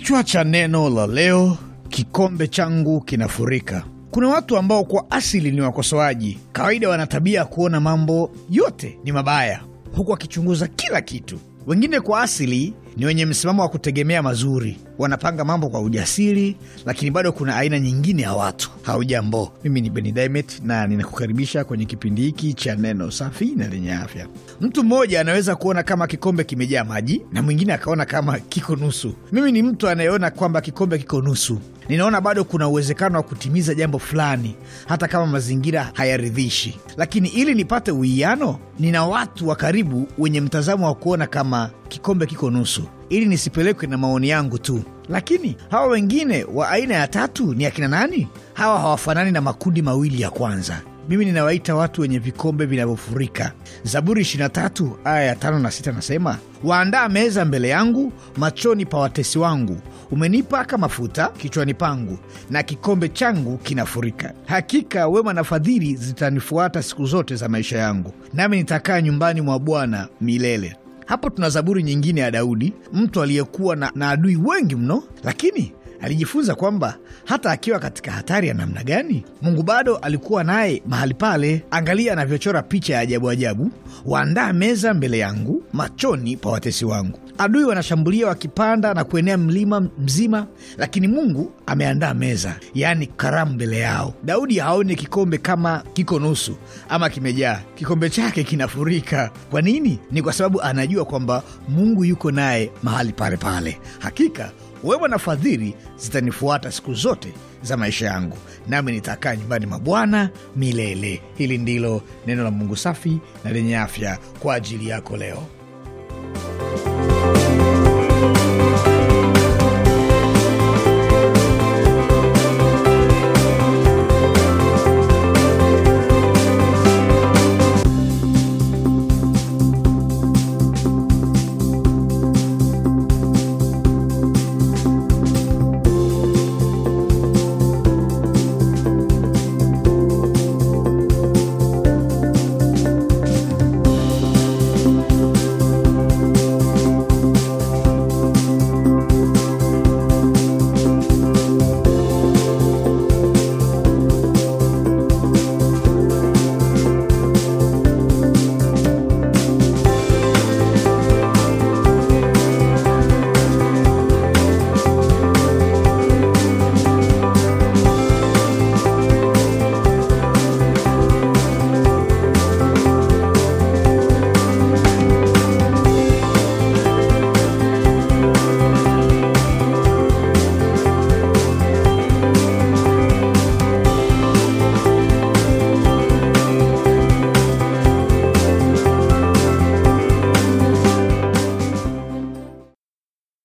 Kichwa cha neno la leo: kikombe changu kinafurika. Kuna watu ambao kwa asili ni wakosoaji. Kawaida wana tabia ya kuona mambo yote ni mabaya, huku wakichunguza kila kitu. Wengine kwa asili ni wenye msimamo wa kutegemea mazuri, wanapanga mambo kwa ujasiri, lakini bado kuna aina nyingine ya watu. Haujambo, mimi ni Beni Dimet na ninakukaribisha kwenye kipindi hiki cha neno safi na lenye afya. Mtu mmoja anaweza kuona kama kikombe kimejaa maji na mwingine akaona kama kiko nusu. Mimi ni mtu anayeona kwamba kikombe kiko nusu. Ninaona bado kuna uwezekano wa kutimiza jambo fulani, hata kama mazingira hayaridhishi, lakini ili nipate uwiano, nina watu wa karibu wenye mtazamo wa kuona kama kama kikombe kiko nusu, ili nisipelekwe na maoni yangu tu. Lakini hawa wengine wa aina ya tatu ni akina nani? Hawa hawafanani na makundi mawili ya kwanza. Mimi ninawaita watu wenye vikombe vinavyofurika. Zaburi 23 aya ya 5 na 6 nasema, waandaa meza mbele yangu machoni pa watesi wangu, umenipaka mafuta kichwani pangu, na kikombe changu kinafurika. Hakika wema na fadhili zitanifuata siku zote za maisha yangu, nami nitakaa nyumbani mwa Bwana milele. Hapo tuna zaburi nyingine ya Daudi, mtu aliyekuwa na, na adui wengi mno, lakini alijifunza kwamba hata akiwa katika hatari ya namna gani, Mungu bado alikuwa naye mahali pale. Angalia anavyochora picha ya ajabu ajabu: waandaa meza mbele yangu machoni pa watesi wangu. Adui wanashambulia wakipanda na kuenea mlima mzima, lakini Mungu ameandaa meza, yaani karamu mbele yao. Daudi haone kikombe kama kiko nusu ama kimejaa, kikombe chake kinafurika. Kwa nini? Ni kwa sababu anajua kwamba Mungu yuko naye mahali pale pale. Hakika wewe na fadhili zitanifuata siku zote za maisha yangu, nami nitakaa nyumbani mwa Bwana milele. Hili ndilo neno la Mungu safi na lenye afya kwa ajili yako leo.